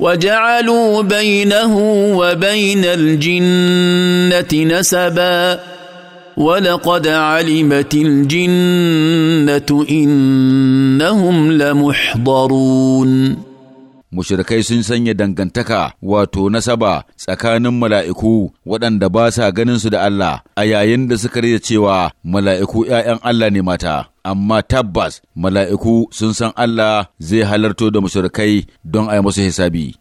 وجعلوا بينه وبين الجنه نسبا ولقد علمت الجنه انهم لمحضرون mushirikai sun sanya dangantaka wato nasaba tsakanin mala'iku waɗanda ba sa ganinsu da Allah a yayin da suka rida cewa mala'iku ’ya'yan Allah ne mata. amma tabbas mala'iku sun san Allah zai halarto da mushrikai don a yi masu hisabi.